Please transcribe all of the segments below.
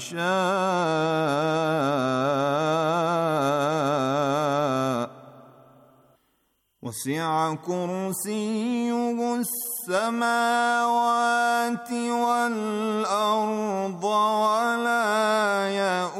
يشاء وسع كرسيه السماوات والارض ولا يؤوس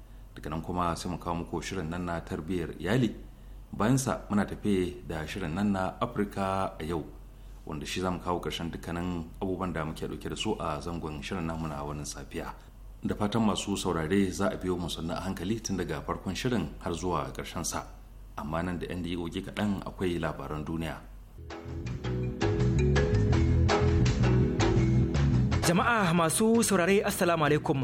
daga nan kuma sai mu kawo muku shirin nan na tarbiyyar iyali bayansa muna tafe da shirin nan na afirka a yau wanda shi zamu kawo karshen dukkanin abubuwan da muke dauke da su a zangon shirin namu na wannan safiya da fatan masu saurare za a biyo musu sannu a hankali tun daga farkon shirin har zuwa karshen sa amma nan da 'yan da kaɗan akwai labaran duniya jama'a masu saurare assalamu alaikum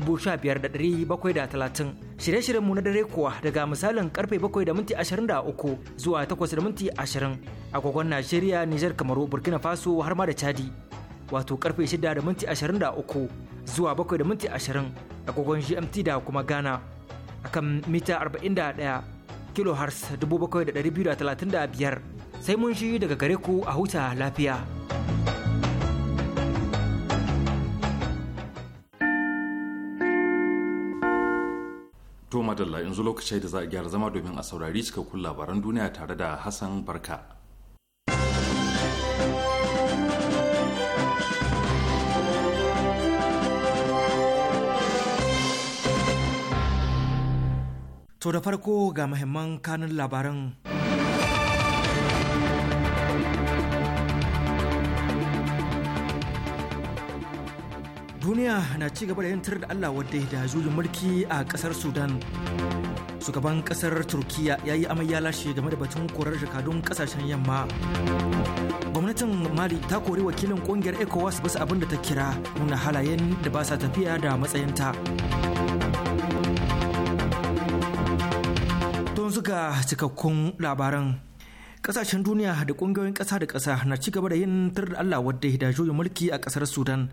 15730. Shirye-shiryenmu na dare kuwa daga misalin karfe 7 da minti zuwa 8 da minti 20 Najeriya, Nijar, Kamaru, Burkina Faso har ma da Chadi. Wato karfe 6:23 da minti zuwa 7 da minti 20 GMT da kuma Ghana. Akan mita 41 kilohertz 7235 sai mun shi daga gare ku a huta lafiya. To madalla yanzu lokacin da za a gyara zama domin a saurari cikakkun labaran duniya tare da Hassan Barka. To da farko ga mahimman kanun labaran. duniya na ci gaba da yantar da allah wadda da juyin mulki a kasar sudan shugaban kasar turkiya ya yi amai lashe game da batun korar jakadun kasashen yamma gwamnatin mali ta kori wakilin kungiyar ecowas basu abin da ta kira nuna halayen da ba sa tafiya da matsayinta don suka cikakkun labaran Ƙasashen duniya da kungiyoyin ƙasa da kasa na ci gaba da yin tar da allah wadda da juyin mulki a ƙasar sudan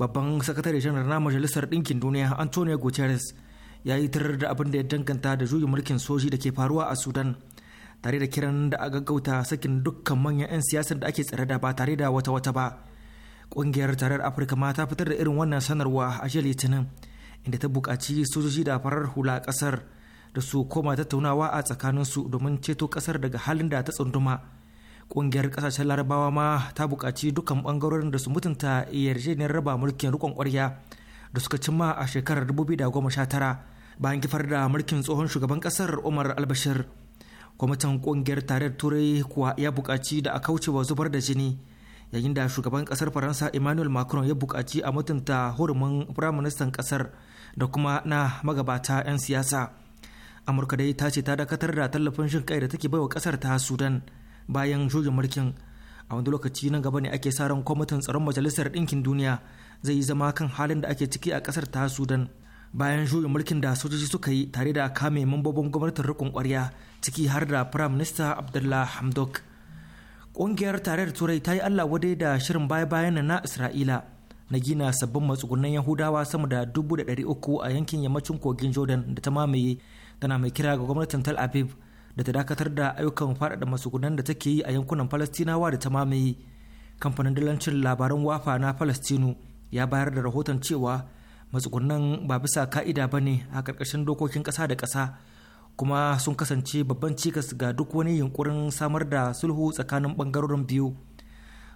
babban sakatare janar na majalisar ɗinkin duniya antonio guterres ya yi tarar da abin da ya danganta da juyin mulkin soji da ke faruwa a sudan tare da kiran da a gaggauta sakin dukkan manyan 'yan siyasar da ake tsare da ba tare da wata wata ba ƙungiyar tarar afirka ma ta fitar da irin wannan sanarwa a jiya litinin inda ta buƙaci sojoji da farar hula ƙasar da su koma tattaunawa a tsakaninsu domin ceto ƙasar daga halin da ta tsunduma Ƙungiyar ƙasashen larabawa ma ta bukaci dukkan ɓangarorin da su mutunta yarjejeniyar raba mulkin rikon kwarya da suka cimma a shekarar 2019 bayan kifar da mulkin tsohon shugaban ƙasar Umar Albashir. Kwamitin ƙungiyar tarayyar Turai kuwa ya bukaci da a kauce wa zubar da jini yayin da shugaban ƙasar Faransa Emmanuel Macron ya bukaci a mutunta hurumin firaministan kasar da kuma na magabata 'yan siyasa. amurka dai ta ce ta dakatar da tallafin shin kai da take baiwa kasar ta sudan bayan juyin mulkin a wani lokaci nan gaba ne ake sa ran kwamitin tsaron majalisar ɗinkin duniya zai yi zama kan halin da ake ciki a ƙasar ta sudan bayan juyin mulkin da sojoji suka yi tare da kame mambobin gwamnatin rikon kwarya ciki har da firayim minista abdullah hamdok ƙungiyar tarayyar turai ta yi allah wadai da shirin baya bayan na isra'ila na gina sabbin matsugunan yahudawa sama da dubu da ɗari uku a yankin yammacin kogin jordan da ta mamaye tana mai kira ga gwamnatin tal aviv da ta dakatar da ayyukan faɗaɗa masugunan da take yi a yankunan falastinawa da ta mamaye kamfanin dalancin labaran wafa na falastinu ya bayar da rahoton cewa matsugunan ba bisa ka'ida ba ne a ƙarƙashin dokokin ƙasa da ƙasa kuma sun kasance babban cikas ga duk wani yunkurin samar da sulhu tsakanin ɓangarorin biyu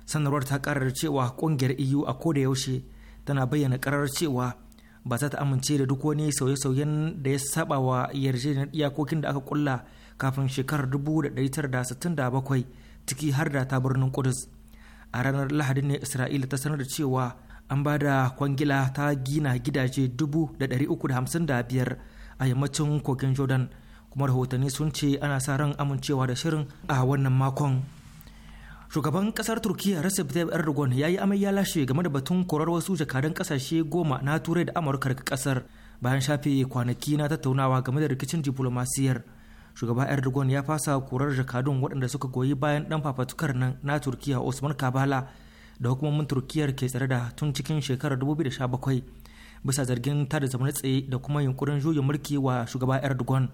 sanarwar ta ƙarar cewa ƙungiyar eu a koda yaushe tana bayyana ƙarar cewa ba za ta amince da duk wani sauye-sauyen da ya saba wa yarjejeniyar iyakokin da aka kulla kafin shekarar 1967 ciki har da ta birnin Kudus. A ranar Lahadi ne Isra'ila ta sanar da cewa an ba da kwangila ta gina gidaje 355 a yammacin kogin Jordan kuma rahotanni sun ce ana sa ran amincewa da shirin a wannan makon. shugaban kasar turkiya recep tayyip erdogan ya yi amai ya lashe game da batun korar wasu jakadan kasashe goma na turai da amurka daga kasar bayan shafe kwanaki na tattaunawa game da rikicin diplomasiyar shugaba erdogan ya fasa korar jakadun waɗanda suka goyi bayan ɗan fafatukar nan na turkiya osman kabala da hukumomin turkiyar ke tsare da tun cikin shekarar 2017 bisa zargin tada zaune tsaye da kuma yunkurin juya mulki wa shugaba erdogan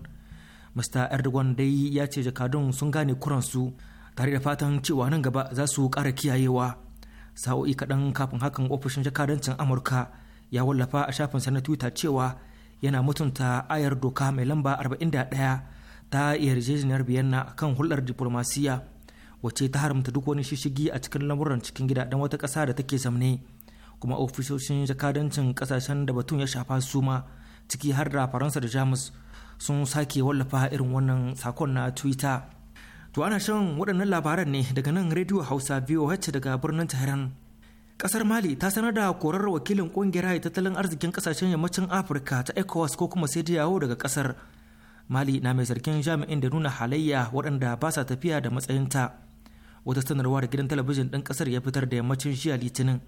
mr erdogan dai ya ce jakadun sun gane kuransu tare da fatan cewa nan gaba za su ƙara kiyayewa sa'o'i kaɗan kafin hakan ofishin jakadancin amurka ya wallafa a shafin na twitter cewa yana mutunta ayar doka mai lamba 41 ta yarjejeniyar biyanna akan hulɗar diplomasiya wacce ta haramta duk wani shishigi a cikin lamuran cikin gida don wata ƙasa da take zamne kuma ofisoshin jakadancin ƙasashen da batun ya shafa su ma ciki har da faransa da jamus sun sake wallafa irin wannan sakon na twitter to ana shan waɗannan labaran ne daga nan rediyo hausa voh daga birnin tehran ƙasar mali ta sanar da korar wakilin ƙungiyar tattalin arzikin kasashen yammacin afirka ta ecowas ko kuma sai daga kasar mali na mai sarkin jami'in da nuna halayya waɗanda ba sa tafiya da matsayinta wata sanarwa da gidan talabijin ɗin ƙasar ya fitar da yammacin jiya litinin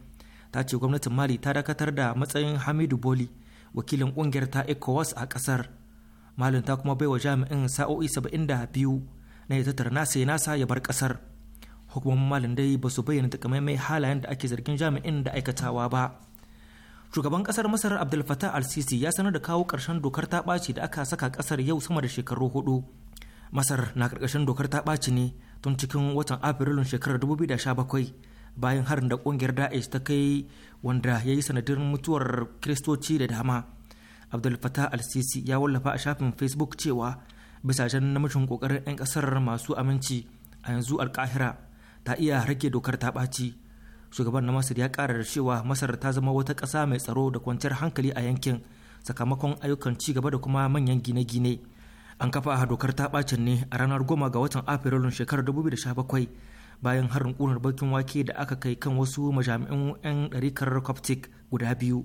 ta ce gwamnatin mali ta dakatar da matsayin hamidu boli wakilin ƙungiyar ta ecowas a ƙasar malin ta kuma baiwa jami'in sa'o'i saba'in da biyu na ya tattara nasa ya nasa ya bar ƙasar hukumomin malin dai ba su bayyana takamaimai halayen da ake zargin jami'in da aikatawa ba shugaban kasar masar abdul fatah al-sisi ya sanar da kawo ƙarshen dokar ta ɓaci da aka saka ƙasar yau sama da shekaru hudu masar na karkashin dokar ta ɓaci ne tun cikin watan afrilun shekarar 2017 bayan harin da ƙungiyar da'ish ta kai wanda ya yi sanadin mutuwar kiristoci da dama abdul fatah al-sisi ya wallafa a shafin facebook cewa bisa bisashen namijin kokarin 'yan ƙasar masu aminci a yanzu alkahira ta iya rage dokar ta ɓaci shugaban na masar ya kara da cewa masar ta zama wata ƙasa mai tsaro da kwanciyar hankali a yankin sakamakon ayyukan ci gaba da kuma manyan gine-gine an kafa dokar ta bacin ne a ranar goma ga watan afrilun shekarar 2017 bayan harin kunar bakin wake da aka kai kan wasu majami'an 'yan ɗarikar coptic guda biyu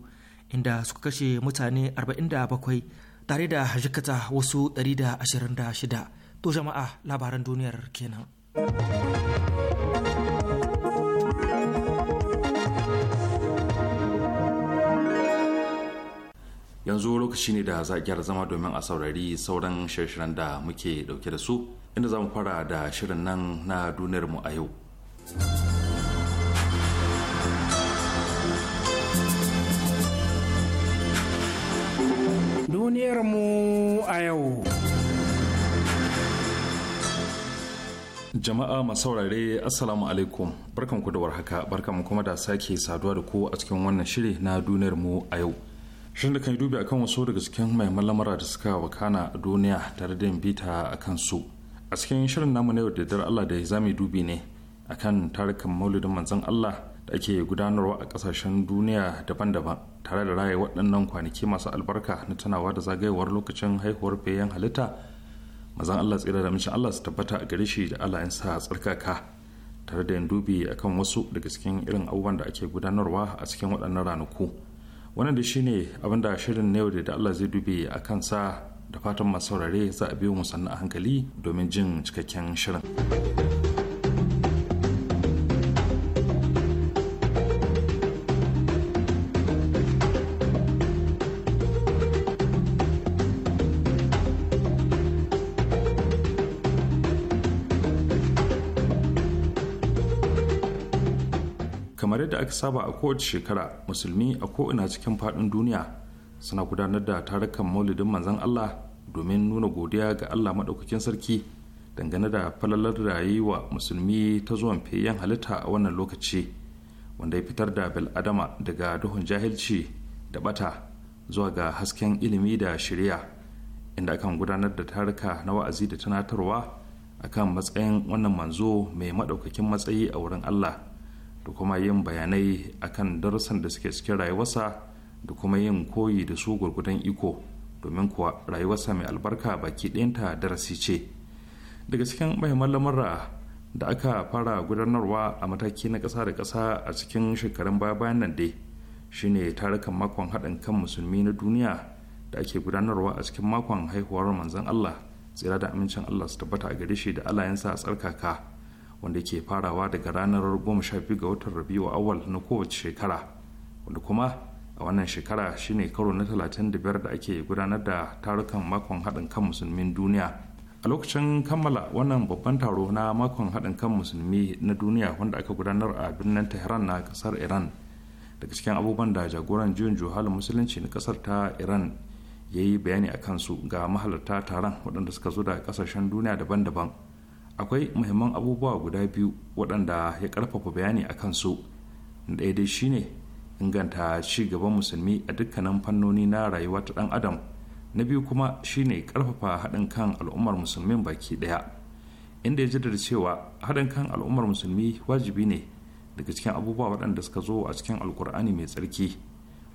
inda suka kashe mutane 47 tare da jikata wasu 126 to jama'a labaran duniyar kenan. yanzu lokaci ne da za a gyara zama domin a saurari sauran shirin da muke dauke da su inda za mu fara da shirin nan na duniyar mu a yau duniyar mu a yau jama'a masaurare assalamu alaikum barkanku da warhaka barkanku kuma da sake saduwa da ku a cikin wannan shiri na duniyar mu a yau shirin da kan yi dubi akan wasu daga cikin mai lamura da suka wakana a duniya tare da bita a kansu a cikin shirin namu na yau da dar Allah da za mu dubi ne akan tarukan maulidin manzon Allah da ake gudanarwa a kasashen duniya daban-daban tare da raye waɗannan kwanaki masu albarka na tunawa da zagayewar lokacin haihuwar fayyan halitta mazan Allah tsira da mace Allah su tabbata a gare shi da Allah sa tsarkaka tare da yin dubi akan wasu daga cikin irin abubuwan da ake gudanarwa a cikin waɗannan ranaku. wannan da shine abin da shirin na yau da Allah zai dube a sa da fatan masaurare saurare za a biyo mu sannan a hankali domin jin cikakken shirin. aka saba a kowace shekara musulmi a ko'ina cikin faɗin duniya suna gudanar da tarukan maulidin manzan Allah domin nuna godiya ga Allah maɗaukakin sarki dangane da falalar da wa musulmi ta zuwan fiyayyen halitta a wannan lokaci wanda ya fitar da bil'adama daga duhun jahilci da bata zuwa ga hasken ilimi da shirya inda akan gudanar da taruka na wa'azi da tunatarwa akan matsayin wannan manzo mai maɗaukakin matsayi a wurin Allah da kuma yin bayanai akan darussan da suke cikin rayuwarsa da kuma yin koyi da su gurgudan iko domin kuwa rayuwarsa mai albarka baki ɗayanta darasi ce daga cikin mahimman lamarra da aka fara gudanarwa a mataki na ƙasa da ƙasa a cikin shekarun baya bayan nan dai shine tarukan makon haɗin kan musulmi na duniya da ake gudanarwa a cikin makon haihuwar manzon Allah tsira da amincin Allah su tabbata a gare shi da alayensa a tsarkaka wanda ke farawa daga ranar sha biyu ga watan rabiu awal na kowace shekara wanda kuma a wannan shekara shine karo na 35 da ake gudanar da tarukan makon haɗin kan musulmin duniya a lokacin kammala wannan babban taro na makon haɗin kan musulmi na duniya wanda aka gudanar a birnin tehran na ƙasar iran daga cikin abubuwan da jagoran juyin juhalin musulunci na ƙasar ta iran ya yi bayani a kansu ga mahalarta taron waɗanda suka zo da kasashen duniya daban-daban akwai muhimman abubuwa guda biyu waɗanda ya ƙarfafa bayani a kansu ɗaya dai shine inganta ci gaban musulmi a dukkanin fannoni na rayuwa ta ɗan adam na biyu kuma shine ƙarfafa haɗin kan al'ummar musulmin baki ɗaya inda ya jaddada cewa haɗin kan al'ummar musulmi wajibi ne daga cikin abubuwa waɗanda suka zo a cikin alkur'ani mai tsarki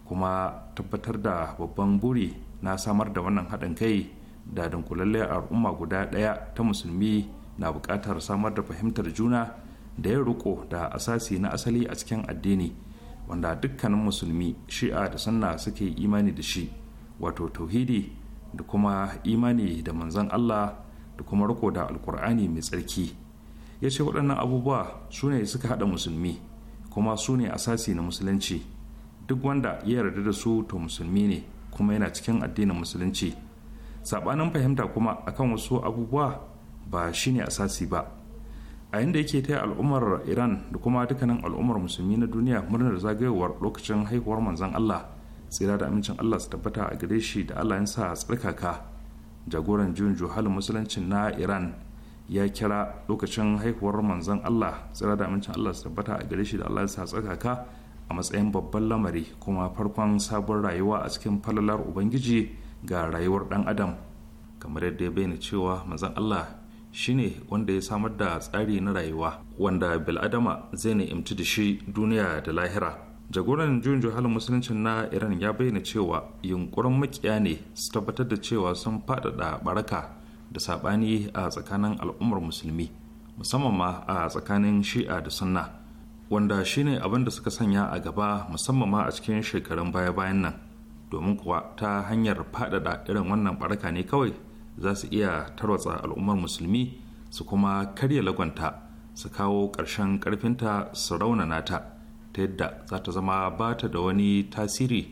kuma tabbatar da babban buri na samar da wannan haɗin kai da dunkulalle al'umma guda ɗaya ta musulmi na buƙatar samar da fahimtar juna da ya riko da asasi na asali a cikin addini wanda dukkanin musulmi shi'a da sunna suke imani da shi wato tauhidi da kuma imani da manzon Allah da kuma riko da alkur'ani mai tsarki ya ce waɗannan abubuwa su ne suka haɗa musulmi kuma su ne asasi na musulunci duk wanda ya yarda da su to musulmi ne kuma yana cikin addinin musulunci saɓanin fahimta kuma akan wasu abubuwa ba shi shine asasi ba a yadda yake ta al'ummar iran da kuma dukkanin al'ummar musulmi na duniya murnar zagayowar lokacin haihuwar manzon allah tsira da amincin allah su tabbata a gare shi da allah ya sa tsarkaka jagoran juyin juhalin musuluncin na iran ya kira lokacin haihuwar manzon allah tsira da amincin allah su tabbata a gare shi da allah ya sa tsarkaka a matsayin babban lamari kuma farkon sabon rayuwa a cikin falalar ubangiji ga rayuwar dan adam kamar yadda ya bayyana cewa manzon allah shine wanda ya samar da tsari na rayuwa wanda bil'adama zai imti da shi duniya da lahira jagoran juyin juhalin musuluncin na iran ya bayyana cewa yunkurin makiya ne su tabbatar da cewa sun faɗaɗa baraka da saɓani a tsakanin al'ummar musulmi musamman ma a tsakanin shi'a da sunna wanda shine abin da suka sanya a gaba musamman ma a cikin shekarun baya-bayan nan domin kuwa ta hanyar faɗaɗa irin wannan baraka ne kawai za su iya tarwatsa al'ummar musulmi su kuma karya lagonta su kawo ƙarshen ƙarfinta su raunana ta ta yadda za ta zama ba ta da wani tasiri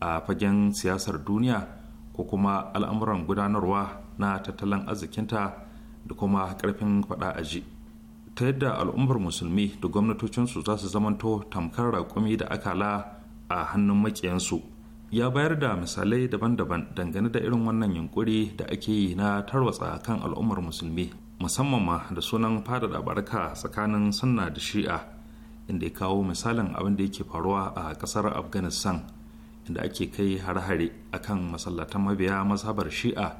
a fagen siyasar duniya ko kuma al'amuran gudanarwa na tattalin arzikinta da kuma ƙarfin faɗa aji ta yadda al'ummar musulmi da gwamnatocinsu za su zamanto tamkar raƙumi da akala a hannun maƙiyansu ya bayar da misalai daban-daban dangane da irin wannan yunkuri da ake yi na tarwatsa kan al'ummar musulmi musamman ma da sunan da barka tsakanin sunna da shi'a inda ya kawo misalin abin da yake faruwa a kasar afghanistan inda ake kai hare-hare akan masallatan mabiya mazhabar shi'a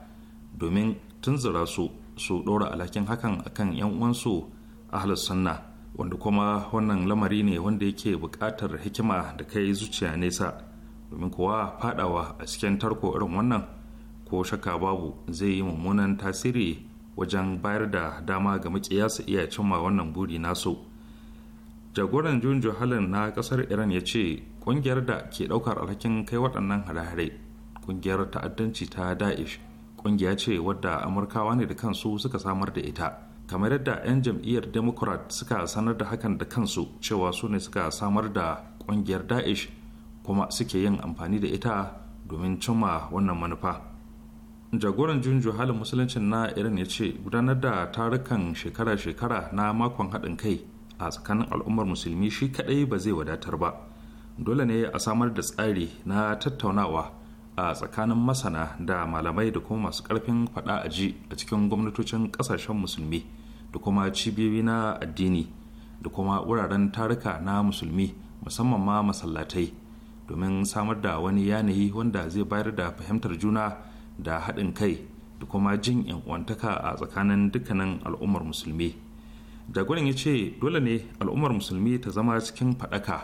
domin tunzura su su ɗora alhakin hakan akan 'yan uwansu ahlus sunna wanda kuma wannan lamari ne wanda yake buƙatar hikima da kai zuciya nesa domin kowa fadawa a cikin tarko irin wannan ko shaka babu zai yi mummunan tasiri wajen bayar da dama ga makiya su iya cimma wannan buri nasu jagoran junjo halin na kasar iran ya ce kungiyar da ke daukar alhakin kai waɗannan hare-hare kungiyar ta'addanci ta daesh kungiya ce wadda amurkawa ne da kansu suka samar da ita kamar yadda 'yan jam'iyyar democrat suka sanar da hakan da kansu cewa su ne suka samar da kungiyar daesh kuma suke yin amfani da ita domin cimma wannan manufa jagoran junju halin musuluncin na iran ya ce gudanar da tarukan shekara-shekara na makon haɗin kai a tsakanin al'ummar musulmi shi kaɗai ba zai wadatar ba dole ne a samar da tsari na tattaunawa a tsakanin masana da malamai da kuma masu ƙarfin faɗa a ji a cikin gwamnatocin ƙasashen musulmi da kuma cibiyoyi na addini da kuma wuraren taruka na musulmi musamman ma masallatai domin samar da wani yanayi wanda zai bayar da fahimtar juna da haɗin kai da kuma jin yankwantaka a tsakanin dukkanin al'ummar musulmi jagoran ya ce dole ne al'ummar musulmi ta zama cikin faɗaka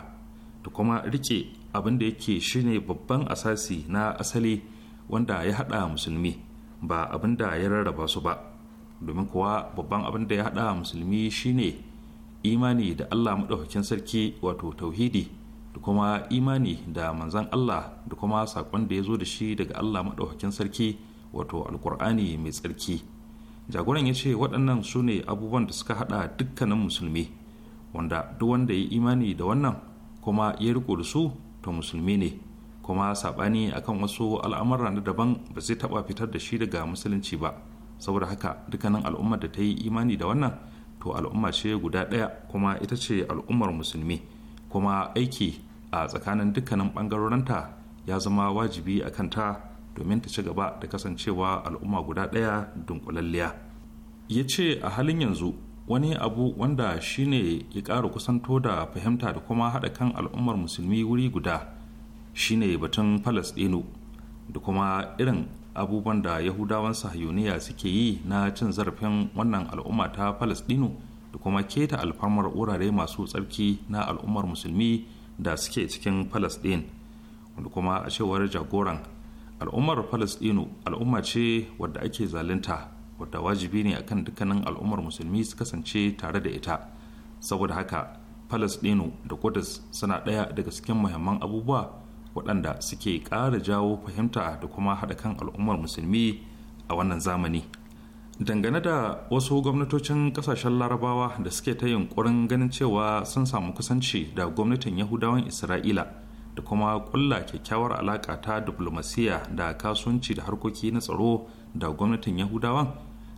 da kuma rike abin da yake shine babban asasi na asali wanda ya haɗa musulmi ba abin da ya rarraba su ba domin kuwa babban abin da ya haɗa musulmi shine imani da allah maɗaukakin sarki wato tauhidi da kuma imani da manzan Allah da kuma saƙon da ya zo da shi daga Allah maɗaukakin sarki wato alkur'ani mai tsarki jagoran ya ce waɗannan su ne abubuwan da suka haɗa dukkanin musulmi wanda duk wanda ya imani da wannan kuma ya riko da su to musulmi ne kuma saɓani akan wasu al'amura na daban ba zai taɓa fitar da shi daga musulunci ba saboda haka dukkanin al'ummar da ta yi imani da wannan to al'umma ce guda ɗaya kuma ita ce al'ummar musulmi kuma aiki a tsakanin dukkanin bangarorinta ya zama wajibi a kanta domin ta ci gaba da kasancewa al'umma guda ɗaya dunkulalliya ya ce a halin yanzu wani abu wanda shine ya ƙara kusanto da fahimta da kuma haɗa kan al'ummar musulmi wuri guda shine batun falasɗinu da kuma irin abubuwan da yahudawan sahiyoniya suke yi na cin zarafin wannan al'umma ta falasɗinu da kuma keta alfarmar wurare masu tsarki na al'ummar musulmi da suke cikin palestine wanda kuma a cewar jagoran al'ummar palestino al'umma ce wadda ake zalunta wadda wajibi ne akan dukkanin al'ummar musulmi su kasance tare da ita saboda haka palestino da kudus suna ɗaya daga cikin muhimman abubuwa waɗanda suke ƙara jawo fahimta da kuma haɗa kan al'ummar musulmi a wannan zamani. dangane da wasu gwamnatocin kasashen larabawa da suke ta yunkurin ganin cewa sun samu kusanci da gwamnatin yahudawan isra'ila da kuma kulla kyakkyawar alaka ta diplomasiya da kasuwanci da harkoki na tsaro da gwamnatin yahudawan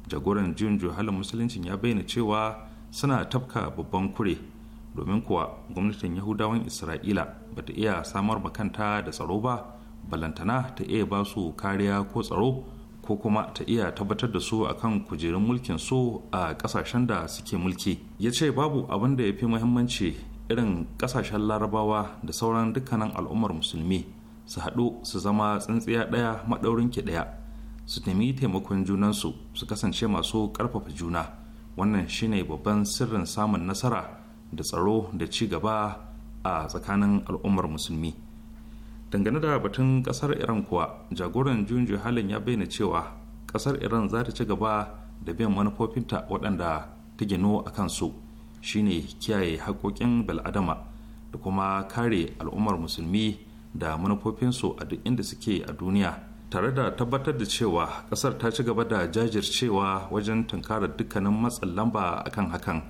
jagoran juyin juhalin musuluncin ya bayyana cewa suna tafka babban kure domin kuwa gwamnatin yahudawan isra'ila ba ta iya samar kanta da tsaro ba balantana ta iya ba su kariya ko tsaro ko kuma ta iya tabbatar da su akan kujerun mulkin su a kasashen da suke mulki ya ce babu abin da ya fi muhimmanci irin kasashen larabawa da sauran dukkanin al'ummar musulmi su haɗu su zama tsintsiya ɗaya maɗaurin ki ɗaya su nemi taimakon junansu su kasance masu ƙarfafa juna wannan shine babban sirrin samun nasara da tsaro da ci gaba a tsakanin al'ummar musulmi dangane da batun kasar iran kuwa jagoran junju halin ya bayyana cewa kasar iran za ta ci gaba da biyan manufofinta waɗanda ta gino a kansu shine kiyaye haƙoƙin bil'adama da kuma kare al'ummar musulmi da manufofinsu a duk inda suke a duniya tare da tabbatar da cewa kasar ta ci gaba da jajircewa wajen tunkara dukkanin matsin lamba akan hakan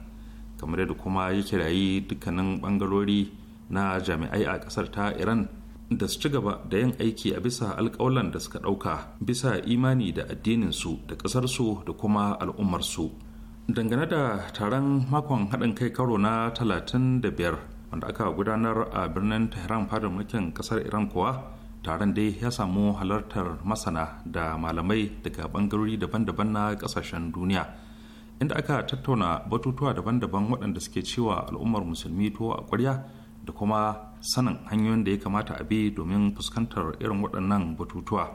kamar yadda kuma ya kirayi dukkanin bangarori na jami'ai a kasar ta iran da su ci gaba da yin aiki a bisa alkawalan da suka ɗauka bisa imani da addininsu da ƙasarsu da kuma al'ummarsu dangane da taron makon haɗin kai karo na 35 wanda aka gudanar a birnin tehran fadar mulkin ƙasar iran kuwa taron dai ya samu halartar masana da malamai daga ɓangarori daban-daban na ƙasashen duniya inda aka tattauna batutuwa daban-daban waɗanda suke cewa al'ummar musulmi tuwo a ƙwarya da kuma sanin hanyoyin da ya kamata a bi domin fuskantar irin waɗannan batutuwa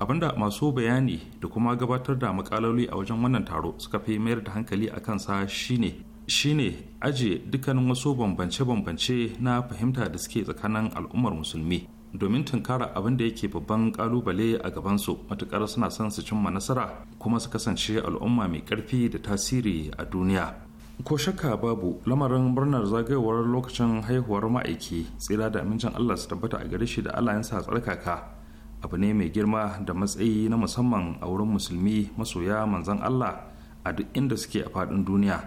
abinda masu bayani da kuma gabatar da makaloli a wajen wannan taro suka fi mayar da hankali a kansa shine shine aje dukkanin wasu bambance-bambance na fahimta da suke tsakanin al'ummar musulmi domin tunkara abin da yake babban kalubale a gabansu matukar suna son su cimma nasara kuma su kasance al'umma mai karfi da tasiri a duniya ko shakka babu lamarin murnar zagayowar lokacin haihuwar ma'aiki tsira da amincin allah su tabbata a gare shi da allah ya sa tsarkaka abu ne mai girma da matsayi na musamman a wurin musulmi masoya manzan allah a duk inda suke a faɗin duniya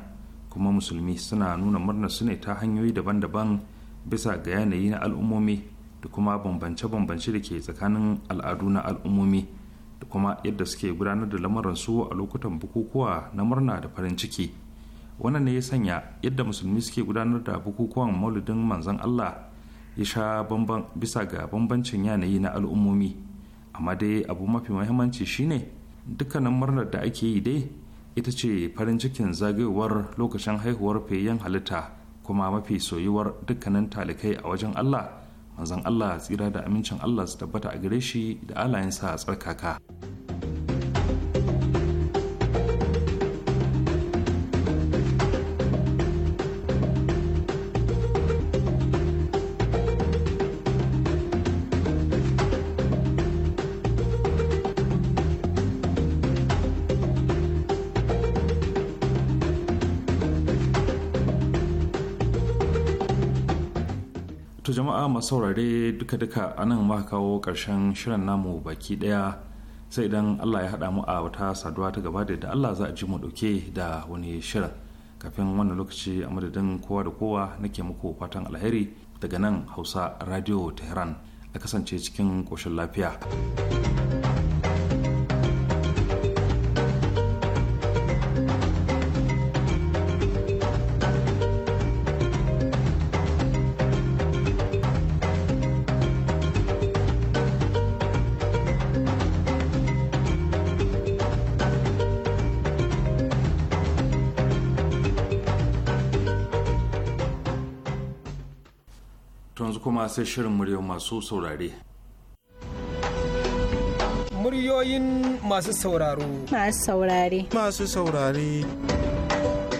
kuma musulmi suna nuna murnar su ne ta hanyoyi daban-daban bisa ga yanayi na al'ummomi da kuma bambance-bambance da ke tsakanin al'adu na al'ummomi da kuma yadda suke gudanar da lamarin su a lokutan bukukuwa na murna da farin ciki. wannan ne ya sanya yadda musulmi suke gudanar da bukukuwan maulidin manzon Allah ya sha bamban bisa ga bambancin yanayi na al'ummomi amma dai abu mafi mahimmanci shine dukkanin murnar da ake yi dai ita ce farin cikin zagayowar lokacin haihuwar fayyan halitta kuma mafi soyuwar dukkanin talikai a wajen Allah manzon Allah tsira da amincin Allah su tabbata a gare shi da alayensa a tsarkaka. masu saurare duka-duka anan maka kawo ƙarshen shirin namu baki ɗaya sai idan allah ya haɗa mu a wata saduwa ta gaba da allah za a ji mu ɗauke da wani shirin kafin wannan lokaci a madadin kowa da kowa nake muku fatan alheri daga nan hausa radio tehran a kasance cikin koshin lafiya. sai shirin muryoyin masu saurare. Muryoyin masu sauraro. Masu saurare. Masu saurare.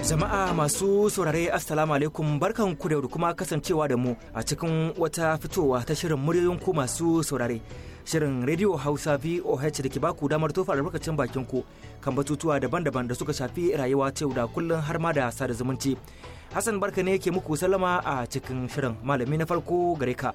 Jama'a masu saurare Assalamu alaikum barkan ku da kuma kasancewa da mu a cikin wata fitowa ta shirin muryoyin ku masu saurare. Shirin Radio Hausa VOH da ke baku damar tofa albarkacin bakin ku kan batutuwa daban-daban da suka shafi rayuwa ta yau da kullum har ma da sada zumunci. Hassan barka ne yake muku salama a cikin shirin malami na farko gare ka.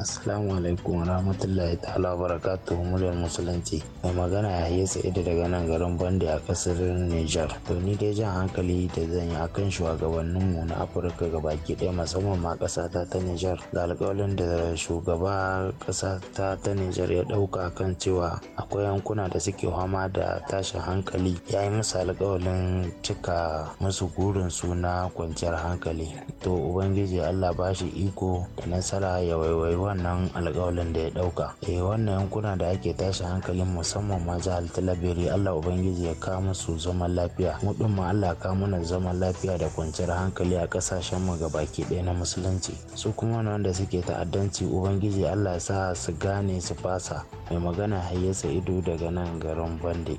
Assalamu alaikum wa rahmatullahi ta'ala barakatuhu muryar musulunci. Mai magana ya yi sa'idu daga nan garin Bande a kasar Nijar. To ni dai jan hankali da zan yi akan shugabanninmu na Afirka gabaki ɗaya musamman ma ƙasa ta ta Nijar. Da alƙawalin da shugaba ƙasa ta ta Nijar ya ɗauka kan cewa akwai yankuna da suke fama da tashin hankali ya yi musu alƙawalin cika musu gurin suna kwanciyar hankali. To Ubangiji Allah ba shi iko da nasara ya waiwaiwa wannan alƙawalin da ya ɗauka e wannan yankuna da ake tashi hankalin musamman ma jihar talabiri allah ubangiji ya kawo musu zaman lafiya mu ɗin ma allah ka mana zaman lafiya da kwanciyar hankali a ƙasashen mu gabaki ɗaya na musulunci su kuma wanda suke ta'addanci ubangiji allah ya sa su gane su fasa mai magana hayyasa ido daga nan garin bande.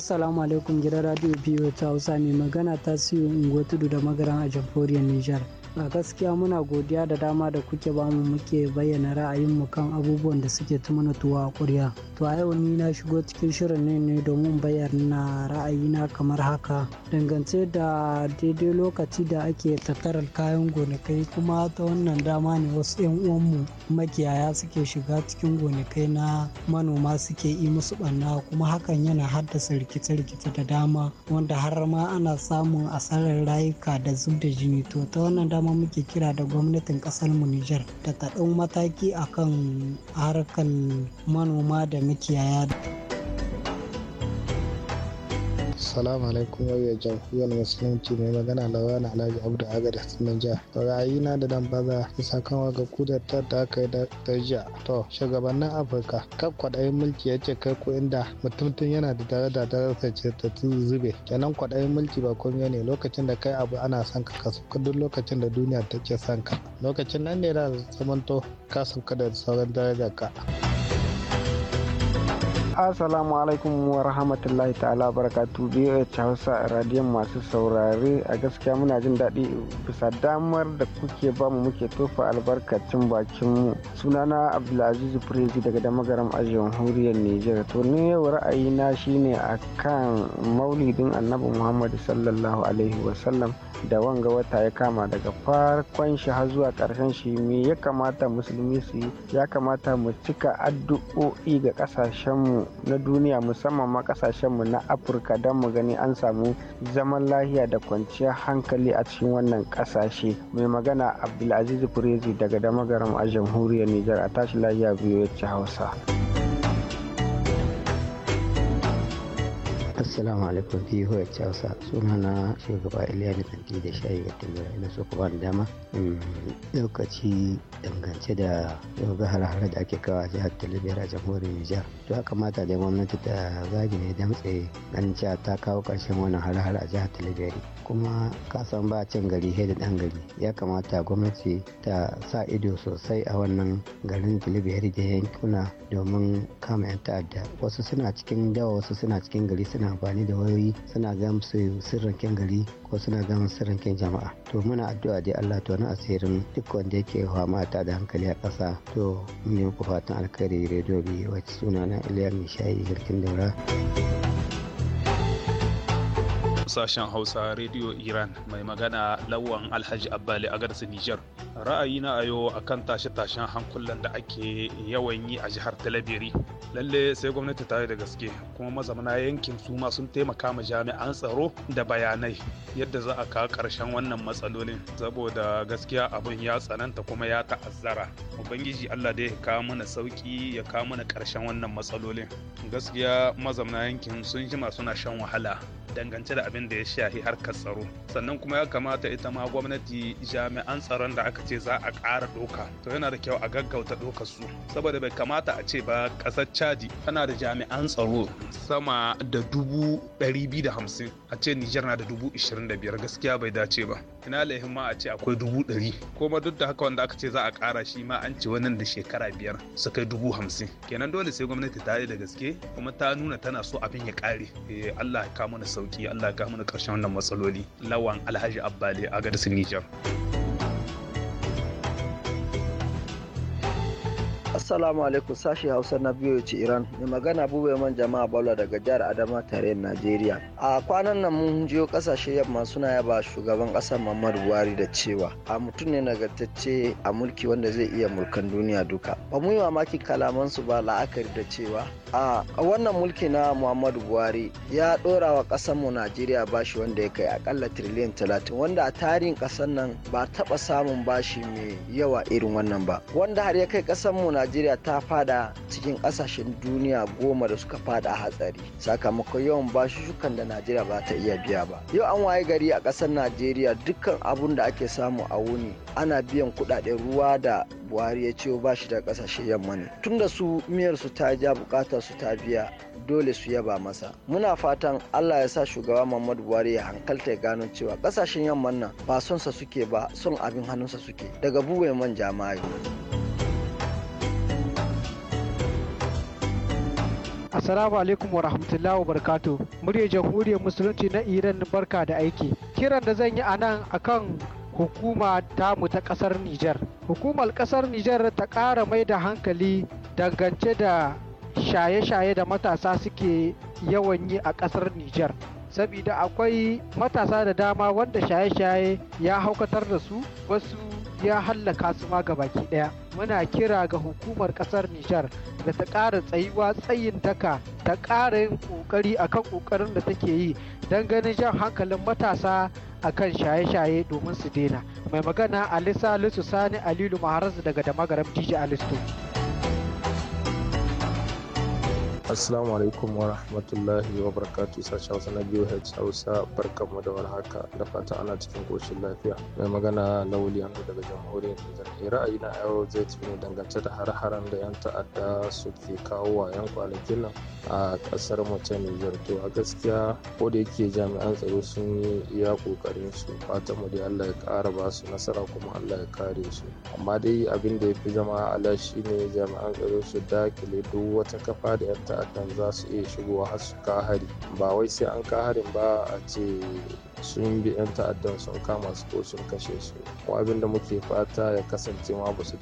Assalamu alaikum gidan radio biyu ta Hausa mai magana ta siyo unguwa tudu da magaran a jamhuriyar Nijar. a gaskiya muna godiya da dama da kuke bamu muke bayyana ra'ayinmu kan abubuwan da suke ta mana tuwa a ƙwarya to a yau ni na shigo cikin shirin ne ne domin bayyana ra'ayina kamar haka dangance da daidai lokaci da ake tattara kayan gonakai kuma ta wannan dama ne wasu 'yan uwanmu makiyaya suke shiga cikin gonakai na manoma suke yi musu ɓanna kuma hakan yana haddasa rikice-rikice da dama wanda har ma ana samun asarar rayuka da zub da jini to ta wannan dama. dama muke kira da gwamnatin mu Nijar da ta ɗau mataki akan harkan manoma da makiyaya. Salamu alaikum yau jamhuriyar musulunci mai magana rana Alhaji Abdu Agada sunan jiya. na da dan baza isa kan waga kudatar da aka yi da jiya. To shugabannin Afirka kan kwaɗayin mulki ya ce kai ko inda mutumtun yana da daraja da darasa ce ta zube. Kenan kwaɗayin mulki ba komai ne lokacin da kai abu ana son ka kasu duk lokacin da duniya take son ka. Lokacin nan ne da zamanto ka sauka da sauran darajar ka. Assalamu alaikum wa rahmatullahi ta'ala barakatu biyu Hausa radiyon masu saurare a gaskiya muna jin daɗi bisa damar da kuke ba mu muke tofa albarkacin bakin mu sunana Abdulaziz Prezi daga damagaram a jamhuriyar Nijar to ne na shine akan maulidin Annabi Muhammad sallallahu alaihi sallam da wanga wata ya kama daga farkon shi har zuwa karshen shi me ya kamata musulmi su yi ya kamata mu cika addu'o'i ga ƙasashenmu na duniya musamman ma ƙasashenmu na afirka don mu gani an samu zaman lahiya da kwanciyar hankali a cikin wannan ƙasashe mai magana abdulaziz furezi daga damagaram a jamhuriyar nijar a tashi lahiya biyu ya ci hausa. assalamu alaikum biyu hausa suna na shugaba iliya da kanti da shayi ga tambaya ina so kuma dama lokaci dangance da yau ga har da ake kawo a jihar talibiyar a jamhuriyar nijar to ya kamata da gwamnati ta zagi ne damtse ganin cewa ta kawo karshen wannan har a jihar talibiyar kuma kasan ba cin gari da ɗan gari ya kamata gwamnati ta sa ido sosai a wannan garin dilibi da yankuna domin kama 'yan ta'adda wasu suna cikin dawa wasu suna cikin gari suna amfani da wayoyi suna ga musu sirrin kyan gari ko suna musu sirrin kyan jama'a to muna addu'a dai Allah to na asirin duk wanda yake fama ta da hankali a ƙasa to mun ku fatan alkhairi rediyo bi wacce suna na Mishayi garkin Daura. sashen Hausa Radio Iran mai magana Lawan Alhaji Abbali a garsa Nijar. Ra'ayina a yau akan tashe-tashen hankulan da ake yawan yi a jihar Talabiri. Lalle sai gwamnati ta yi da gaske kuma mazamana yankin su ma sun taimaka ma jami'an tsaro da bayanai yadda za a kawo karshen wannan matsalolin saboda gaskiya abin ya tsananta kuma ya ta'azzara. Ubangiji Allah dai ya kawo mana sauki ya kawo mana karshen wannan matsalolin. Gaskiya mazamana yankin sun jima suna shan wahala dangance da abin da ya shafi harkar tsaro sannan kuma ya kamata ita ma gwamnati jami'an tsaron da aka ce za a kara doka to yana da kyau a gaggauta dokar su saboda bai kamata a ce ba ƙasar chadi tana da jami'an tsaro sama da dubu ɗari a ce nijar na da dubu ishirin biyar gaskiya bai dace ba ina laihin ma a ce akwai dubu ɗari kuma duk da haka wanda aka ce za a ƙara shi ma an ce wannan da shekara biyar su kai dubu hamsin kenan dole sai gwamnati ta yi da gaske kuma ta nuna tana so abin ya ƙare eh, Allah ya kawo mana sauki Allah ya kawo mana ƙarshen wannan matsaloli lawan Alhaji Abbali a Garsu Nijar. Assalamu alaikum sashi Hausa na biyu ce Iran. Mai magana bube man jama'a Bola daga jihar Adama tarayyar Najeriya. A kwanan nan mun jiyo kasashe yamma suna yaba shugaban kasar Muhammadu Buhari da cewa a mutum ne nagartacce a mulki wanda zai iya mulkan duniya duka. Ba mu yi mamaki su ba la'akari da cewa a wannan mulki na muhammadu buhari ya dora wa ƙasarmu najeriya bashi wanda ya kai akalla tiriliyan talatin wanda a tarihin ƙasar nan ba taba samun bashi mai yawa irin wannan ba wanda har ya kai ƙasarmu najeriya ta fada cikin ƙasashen duniya goma da suka fada hatsari sakamakon yawan shukan da najeriya ba ta iya biya ba yau an waye gari a ƙasar najeriya dukkan abun da ake samu a wuni ana biyan kuɗaɗen ruwa da buhari ya ciwo bashi da ƙasashen yamma ne tunda su miyar su ta ja bukatar su ta biya dole su yaba masa muna fatan allah ya sa shugaba muhammadu buhari ya hankalta ya gano cewa kasashen yamman nan ba son sa suke ba son abin hannunsa suke daga buwe man jama'i Assalamu alaikum wa rahmatullahi wa barkatu. murya Jamhuriyar Musulunci na Iran barka da aiki. Kiran da zan yi a nan kan hukuma ta tamu ta kasar Nijar. Hukumar kasar Nijar ta ƙara mai da hankali dangance da shaye-shaye da matasa suke yawan yi a ƙasar Nijar. Sabida akwai matasa da dama wanda shaye-shaye ya haukatar da su wasu ya hallaka su ma baki ɗaya. Muna kira ga hukumar ƙasar Nijar da ta ƙara tsayuwa tsayin daka ta ƙara yin ƙoƙari akan ƙoƙarin da take yi don ganin jan hankalin matasa akan shaye-shaye domin su daina. Mai magana Alisa Lisu Sani Alilu Maharaz daga Damagaram Jiji Alisto. assalamu alaikum wa rahmatullahi wa barakatuh sashen hausa na biyu h hausa barkanmu da warhaka da fata ana cikin koshin lafiya mai magana na william daga jamhuriyar nijar eh, ra'ayi na yau zai ci ne dangance da har-haren da yan ta'adda suke kawo wa yan kwanakin nan a kasar mu ta nijar to a gaskiya ko da yake jami'an tsaro sun yi iya kokarin su fatan mu dai allah ya kara ba su nasara kuma allah ya kare su amma dai abin da ya fi zama ala shine jami'an tsaro su dakile duk wata kafa da yan ta'adda akan za su iya shigowa har su ka hari ba wai sai an ka harin ba a ce sun bi 'yan ta'addan sun kama su ko sun kashe su ko abinda muke fata ya kasance ma ba su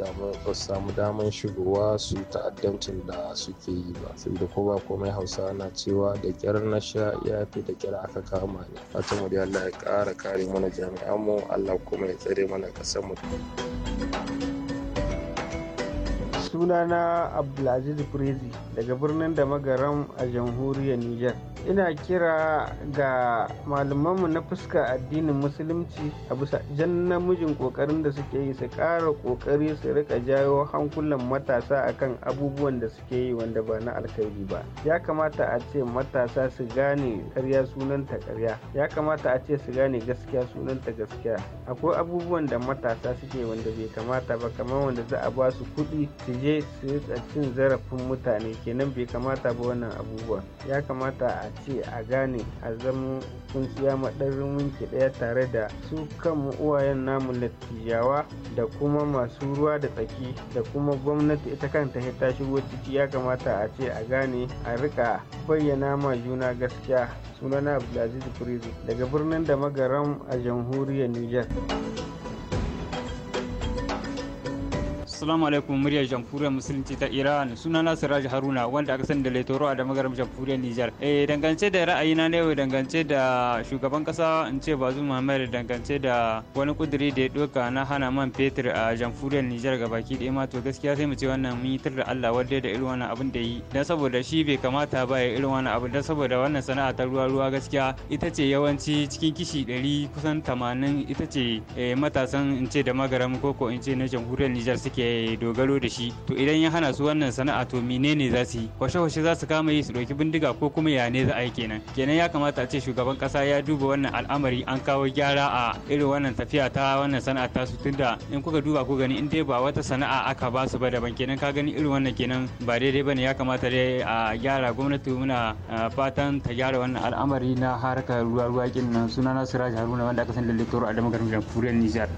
samu daman shigowa su ta'addancin da suke yi ba saboda ko ba komai hausa na cewa da kyar na sha ya fi da kyar aka kama ne fata mu da Allah ya kara kare mana jami'an mu Allah kuma ya tsare mana kasar mu sunana abdulaziz prezi daga birnin da magaram a jamhuriyar Nijar. ina kira ga malamanmu na fuska addinin musulunci a bisa jan namijin kokarin da suke yi su ƙara kokari su rika jawo hankulan matasa akan abubuwan da suke yi wanda ba na alkhairi ba ya kamata a ce matasa su gane karya ta karya ya kamata a ce su gane gaskiya sunan ta gaskiya akwai abubuwan da matasa suke wanda bai kamata ba kamar wanda za a ba su kuɗi su je su cin zarafin mutane kenan bai kamata ba wannan abubuwa ya kamata a ce a gane a zama siya maɗarin minki ɗaya tare da su kan uwayen namu lattijawa da kuma masu ruwa da tsaki da kuma gwamnati ita kanta ta shigo ciki ya kamata a ce a gane a rika bayyana ma juna gaskiya sunana abdulaziz prezi daga birnin da magaram a jamhuriyar niger Assalamu alaikum muryar jamhuriyar musulunci ta Iran suna na Siraj Haruna wanda aka sani da Laitoro a damar jamhuriyar Nijar. Eh dangance da ra'ayina na yau dangance da shugaban kasa in ce Bazoum Muhammad dangance da wani kudiri da ya doka na hana man fetur a jamhuriyar Nijar gabaki ɗaya ma to gaskiya sai mu ce wannan mun yi da Allah wadda da irin wannan abin da yi dan saboda shi bai kamata ba ya irin wannan abin dan saboda wannan sana'a ta ruwa ruwa gaskiya ita ce yawanci cikin kishi ɗari kusan tamanin ita ce eh, matasan in ce da magaram koko in ce na jamhuriyar Nijar suke dogaro da shi to idan ya hana su wannan sana'a to menene za su yi kwashe-kwashe za su kama yi su ɗauki bindiga ko kuma ya ne za a yi kenan kenan ya kamata a ce shugaban kasa ya duba wannan al'amari an kawo gyara a irin wannan tafiya ta wannan sana'a ta su tunda in kuka duba ku gani in dai ba wata sana'a aka ba su ba daban kenan ka gani irin wannan kenan ba daidai ne ya kamata dai a gyara gwamnati muna fatan ta gyara wannan al'amari na harkar ruwa ruwa kin nan na Siraj Haruna wanda aka san da Lektor Adamu Garin Jamhuriyar Nijar.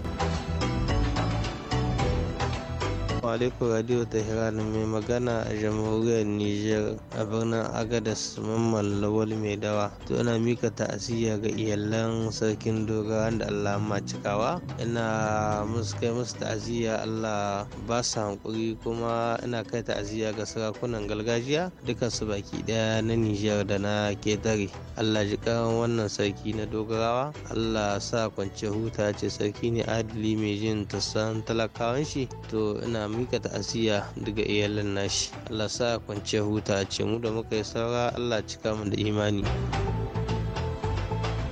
alaikum radio tehran mai magana a jamhuriyar Nijar a birnin agadas mamman lawal mai dawa to ina mika ta'aziyya ga iyalan sarkin dogara da allah ma cikawa ina kai musu ta'aziyya allah ba su hankuri kuma ina kai ta'aziyya ga sarakunan gargajiya duka su baki daya na Nijar da na ketare allah ji karan wannan sarki na dogarawa allah sa kwanciyar huta ce sarki ne adali mai jin tasan talakawan shi to ina afirka ta'aziyya daga iyalan nashi allah sa kwanciyar huta ce mu da muka yi saura allah cika mu da imani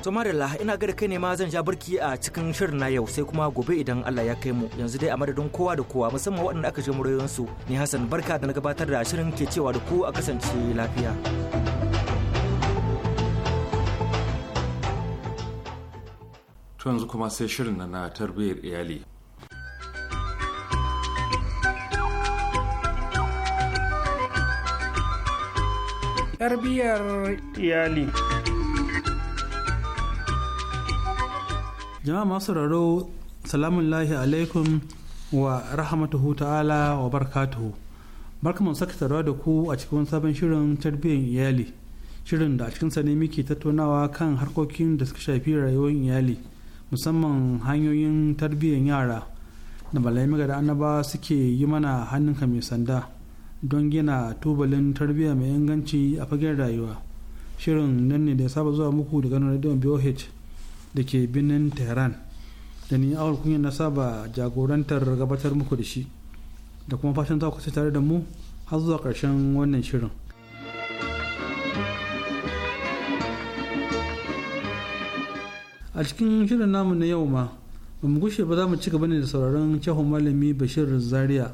to marilla ina ga da kai ne ma zan ja barki a cikin shirin na yau sai kuma gobe idan Allah ya kai mu yanzu dai a madadin kowa da kowa musamman waɗanda aka je murayoyinsu ni Hassan barka da na gabatar da shirin ke cewa da ku a kasance lafiya to yanzu kuma sai shirin na tarbiyyar iyali tarbiyyar iyali jama'a masu raro salamun lahi alaikum wa rahmatuhu ta'ala wa barkatuhu barkamu saka tarwa da ku a cikin sabon shirin tarbiyyar iyali shirin da a cikinsa ne muke tattaunawa kan harkokin da suka shafi rayuwar iyali musamman hanyoyin tarbiyyar yara da malamai da annaba suke yi mana hannunka mai sanda don gina tubalin tarbiyya mai inganci a fagen rayuwa shirin nan ne da ya saba zuwa muku daga nan radio boh da ke birnin tehran da ni awal kunya na saba jagorantar gabatar muku da shi da kuma fashin za ku tare da mu har zuwa ƙarshen wannan shirin a cikin shirin namu na yau ma ba mu gushe ba za mu ci gaba ne da sauraron kyahun malami bashir zaria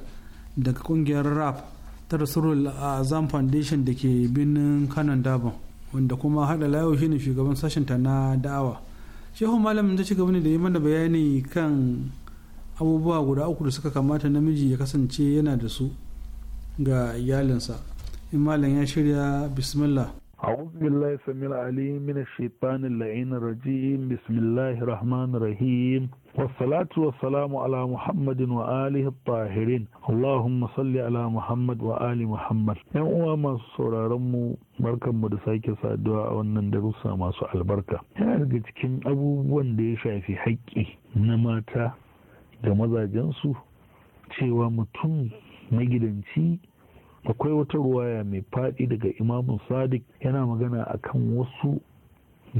daga kungiyar rap ta rasurul azam foundation da ke birnin kanon daban wanda kuma hada layo ne shugaban sashen ta na da'awa shehu malamin ta ci gaba ne da yi mana bayani kan abubuwa guda uku da suka kamata namiji ya kasance yana da su ga iyalinsa in malam ya shirya bismillah أعوذ بالله السميع العليم من الشيطان اللعين الرجيم بسم الله الرحمن الرحيم والصلاة والسلام على محمد وآله الطاهرين اللهم ala Muhammad wa Ali Muhammad. ‘yan uwa masu sauraron mu barkan mu da sake saduwa a wannan darussa masu albarka yana daga cikin abubuwan da ya shafi haƙƙi na mata da mazajensu cewa mutum magidanci akwai wata ruwaya mai faɗi daga imamun sadiq yana magana akan wasu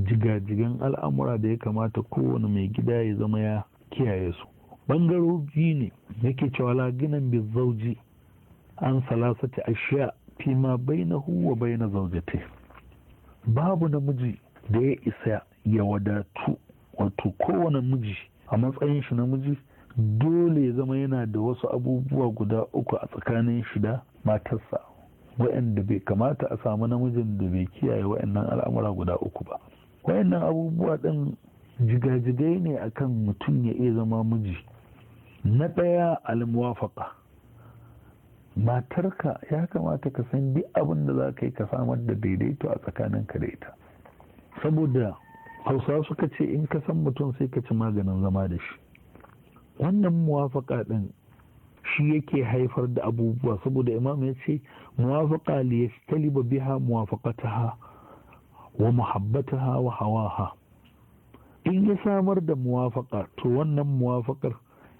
jigajigan al'amura da ya kamata kowane mai gida ya zama ya kiyaye su bangarori ne yake cewa laginan bi zauji an salasati ashiya fi ma baina huwa baina zaujati babu namiji da ya isa ya wadatu wato kowane miji a matsayin shi namiji dole ya zama yana da wasu abubuwa guda uku a tsakanin shi da matarsa wa'anda bai kamata a samu namijin da bai kiyaye waɗannan al'amura guda uku ba wayannan abubuwa ɗin jigajigai ne akan mutum ya iya zama miji na ɗaya almuwafaka matarka ya kamata ka san duk abin da za ka yi ka samar da daidaito a tsakanin ka da ita saboda hausa suka ce in ka san mutum sai ka ci maganin zama da shi wannan muwafaka ɗin shi yake haifar da abubuwa saboda imam ya ce muwafaka biha muwafaka biha ha. wa muhabbataha wa hawaha in ya samar da muwafaka to wannan muwafakar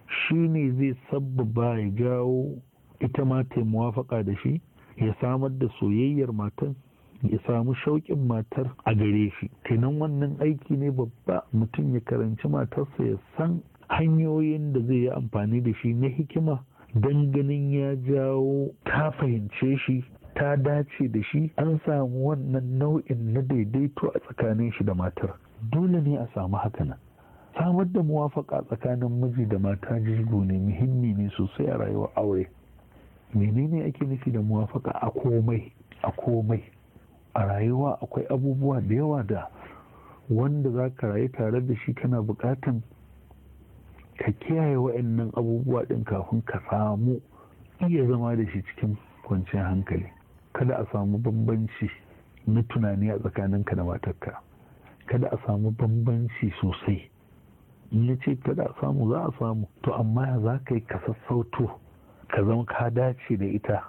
shi ne zai sabbaba ya jawo ita ma ta muwafaka da shi ya samar da soyayyar matan ya samu shauƙin matar a gare shi kenan wannan aiki ne babba mutum ya karanci matarsa ya san hanyoyin da zai yi amfani da shi na hikima don ganin ya jawo ta fahimce shi ta dace da shi an samu wannan nau'in na daidaito a tsakanin shi da matar dole ne a samu haka nan samar da muwafaka tsakanin miji da mata jigo ne muhimmi ne sosai a rayuwar aure menene ake nufi da muwafaka a komai a komai a rayuwa akwai abubuwa da yawa da wanda za ka rayu tare da shi kana bukatan ka kiyaye wa'annan abubuwa ɗin kafin ka samu iya zama da shi cikin kwanciyar hankali kada a samu bambanci na tunani a tsakaninka da matarka kada a samu bambanci sosai ya ce kada a samu za a samu to amma za ka yi ka sassauto ka zama ka dace da ita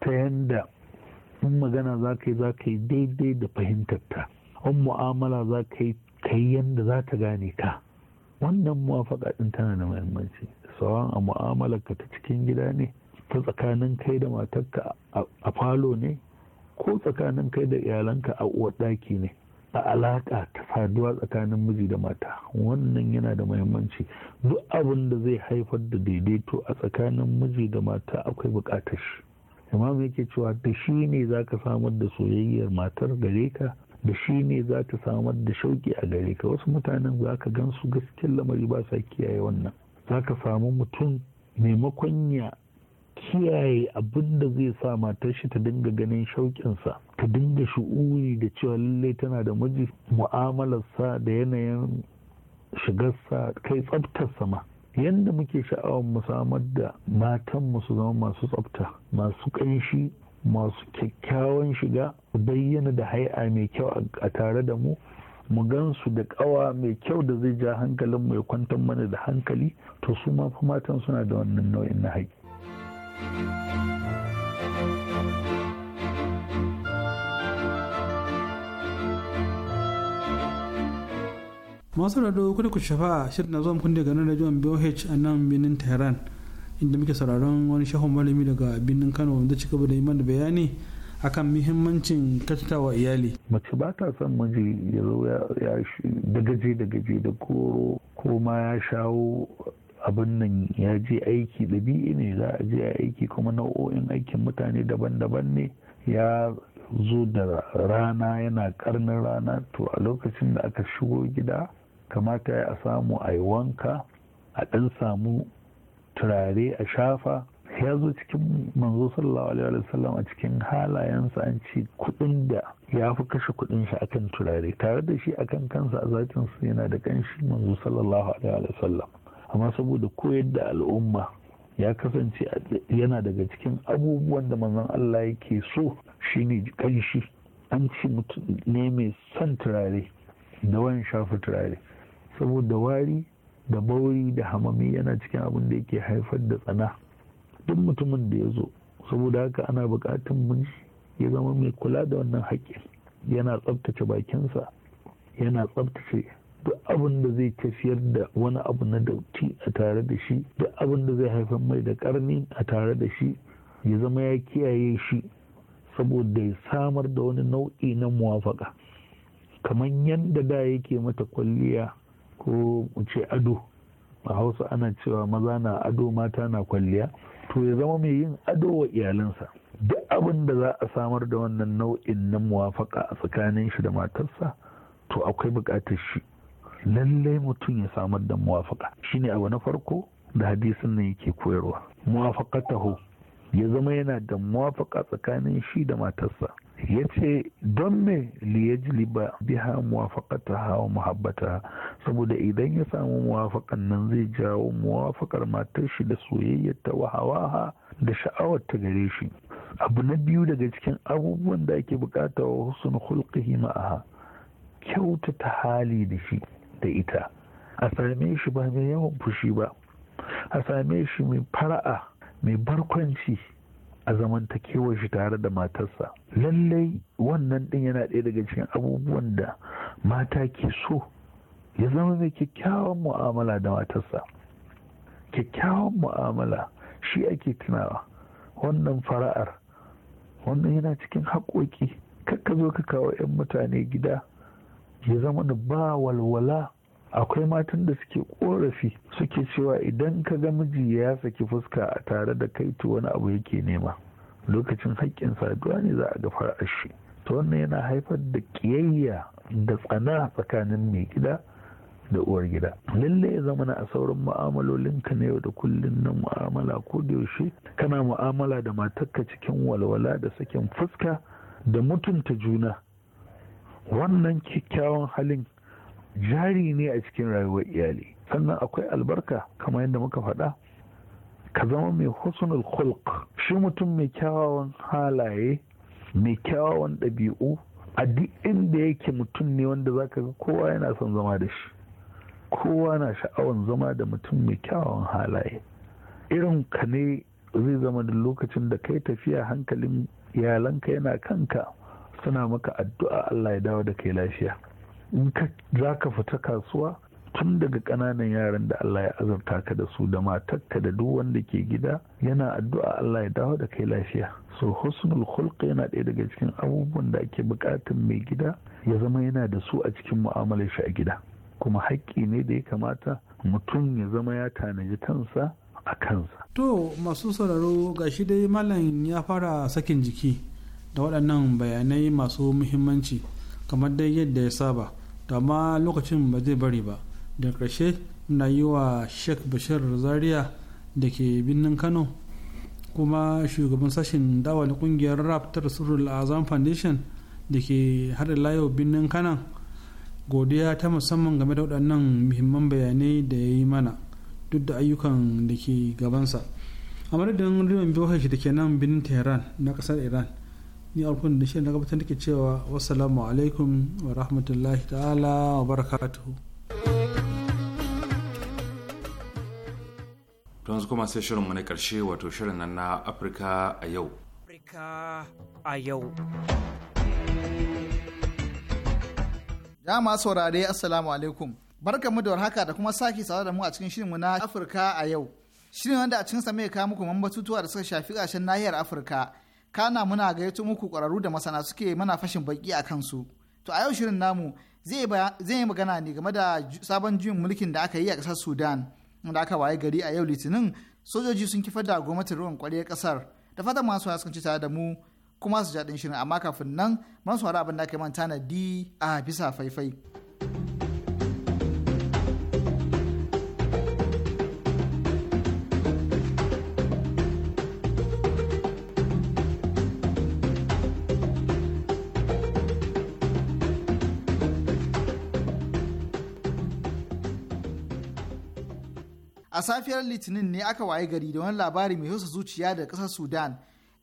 ta yanda in magana za ka yi za ka yi daidai da fahimtarta in mu'amala za ka yi ka yi yanda za ta gane ka wannan muwafaƙa ɗin tana da muhimmanci tsawon a mu'amalar ka ta cikin gida ne ta tsakanin kai da matarka a falo ne ko tsakanin kai da iyalanka a uwar ɗaki ne a alaƙa ta faduwa tsakanin miji da mata wannan yana da mahimmanci duk abin da zai haifar da daidaito a tsakanin miji da mata akwai buƙatar shi imam yake cewa da shi ne za ka samar da soyayyar matar gare ka da shi ne za ta samar da shauƙi a gare ka wasu mutanen za ka gan su gaskiyar lamari ba sa kiyaye wannan za ka samu mutum maimakon ya kiyaye abin da zai sa matar shi ta dinga ganin shauƙinsa ta dinga shiuri da cewa lallai tana da miji mu'amalarsa da yanayin shigarsa kai tsaftar sama yadda muke sha'awar mu samar da matan mu su zama masu tsafta masu ƙanshi masu kyakkyawan shiga bayyana da hai'a mai kyau a tare da mu mu gansu da ƙawa mai kyau da zai ja hankalin mai kwantar mana da hankali to su ma matan suna da wannan nau'in na haƙi masu rado kuda ku shafa shirin na zuwa kun daga nan rajon BOH a nan binin Tehran inda muke sauraron wani shahon malami daga binin Kano wanda ci gaba da yi mana bayani akan muhimmancin wa iyali. Mace ba ta son miji ya zo ya da gaje da gaje da koro ko ma ya shawo abin nan ya je aiki ɗabi'i ne za a je aiki kuma nau'o'in aikin mutane daban-daban ne ya zo da rana yana karnin rana to a lokacin da aka shigo gida kamata ya samu a yi wanka a ɗan samu turare a shafa ya zo cikin manzo sallallahu alaihi wa sallam a cikin halayensa an ce kuɗin da ya fi kashe kuɗin shi akan turare tare da shi akan kansa a zakin su yana da kanshi manzo sallallahu alaihi wa sallam. amma saboda koyar da al'umma ya kasance yana daga cikin abubuwan da manzon Allah yake so shine kanshi an ci ne mai son turare da wayan shafa turare saboda wari da bauri da hamami yana cikin abin da yake haifar da tsana duk mutumin da ya zo saboda haka ana bukatun mun ya zama mai kula da wannan haƙƙin yana tsabtace bakinsa yana tsabtace duk abin da zai tafiyar da wani abu na dauti a tare da shi duk abin da zai haifar mai da karni a tare da shi ya zama ya kiyaye shi saboda ya samar da wani nau'i na muwafaka kamar yadda da yake mata kwalliya ko ce ado a hausa ana cewa maza na ado mata na kwalliya to ya zama mai yin ado wa iyalinsa duk abin da za a samar da wannan nau'in na muwafaka a tsakanin shi da matarsa to akwai bukatar shi lallai mutum ya samar da muwafaka shine abu na farko da hadisin nan yake koyarwa taho ya zama yana da muwafaka tsakanin shi da matarsa ya ce don me liyajli ba biha ta hawa muhabbata saboda idan ya samu muwafakan nan zai jawo muwafakar matar shi da soyayyar ta wahawaha da sha'awar ta gare shi abu na biyu daga cikin abubuwan da ake bukata wa husnul khulqihi ma'aha kyautata hali da shi da ita a same shi ba mai yawan fushi ba a same shi mai fara'a mai barkwanci a zamantakewar shi tare da matarsa lallai wannan din yana ɗaya daga cikin abubuwan da mata ke so ya zama mai kyakkyawan mu'amala da matarsa kyakkyawan mu'amala shi ake tunawa wannan fara'ar wannan yana cikin haƙoƙi ka zo ka kawo 'yan mutane gida ya zama da ba walwala akwai matan da suke korafi suke cewa idan ka ga miji ya saki fuska a tare da kai to wani abu yake nema lokacin haƙƙin saduwa ne za a gafar shi to wannan yana haifar da ƙiyayya da tsana tsakanin mai gida da uwar gida lalle ya zama na a sauran mu'amalolin ka na yau da kullum na mu'amala ko da yaushe kana mu'amala da matarka cikin walwala da sakin fuska da mutunta juna wannan kyakkyawan halin jari ne a cikin rayuwar iyali sannan akwai albarka kamar yadda muka faɗa ka zama mai husnul khulq shi mutum mai kyawawan halaye mai kyawawan ɗabi'u a duk inda yake mutum ne wanda zaka ga kowa yana son zama da shi kowa na sha'awan zama da mutum mai kyawawan halaye irin ka ne zai zama da lokacin da kai tafiya hankalin iyalanka yana kanka suna maka addu'a Allah ya dawo da kai lafiya in ka za ka fita kasuwa tun daga ƙananan yaran da Allah ya azurta ka da su da matarka da duk wanda ke gida yana addu'a Allah ya dawo da kai lafiya so husnul khulq yana ɗaya daga cikin abubuwan da ake buƙatar mai gida ya zama yana da su a cikin mu'amalar shi a gida kuma haƙƙi ne da ya kamata mutum ya zama ya tanaji kansa a kansa to masu sauraro gashi dai malam ya fara sakin jiki da waɗannan bayanai masu muhimmanci kamar dai yadda ya saba to amma lokacin ba zai bari ba da ƙarshe muna yi wa sheikh bashir zaria da ke birnin kano kuma shugaban sashen dawa na ƙungiyar rap ta rasulul azam foundation da ke haɗa layo birnin kano godiya ta musamman game da waɗannan muhimman bayanai da ya yi mana duk da ayyukan da ke gabansa a madadin rimin biyu da ke nan birnin tehran na ƙasar iran ni alkun da shi na gabatar da ke cewa wasalamu alaikum wa rahmatullahi ta'ala wa barakatuhu to yanzu kuma sai shirin na karshe wato shirin nan na afirka a yau afirka a yau jama'a saurare assalamu alaikum barkanmu da warhaka da kuma sake saurare da mu a cikin shirinmu na afirka a yau shirin wanda a cikin sa mai kawo muku mambatutuwa da suka shafi ƙarshen nahiyar afirka kana muna gayyato muku kwararru da masana suke mana fashin baki a kansu to a yau shirin namu zai yi magana ne game da sabon juyin mulkin da aka yi a kasar sudan da aka waye gari a yau litinin sojoji sun kifar da gwamnatin ruwan ƙwariyar ƙasar da fatan masu sun ci tare da mu kuma su jaɗin shirin amma kafin nan masu abin da aka yi man tanadi a bisa faifai. a safiyar litinin ne aka waye gari da wani labari mai husa zuciya da kasar sudan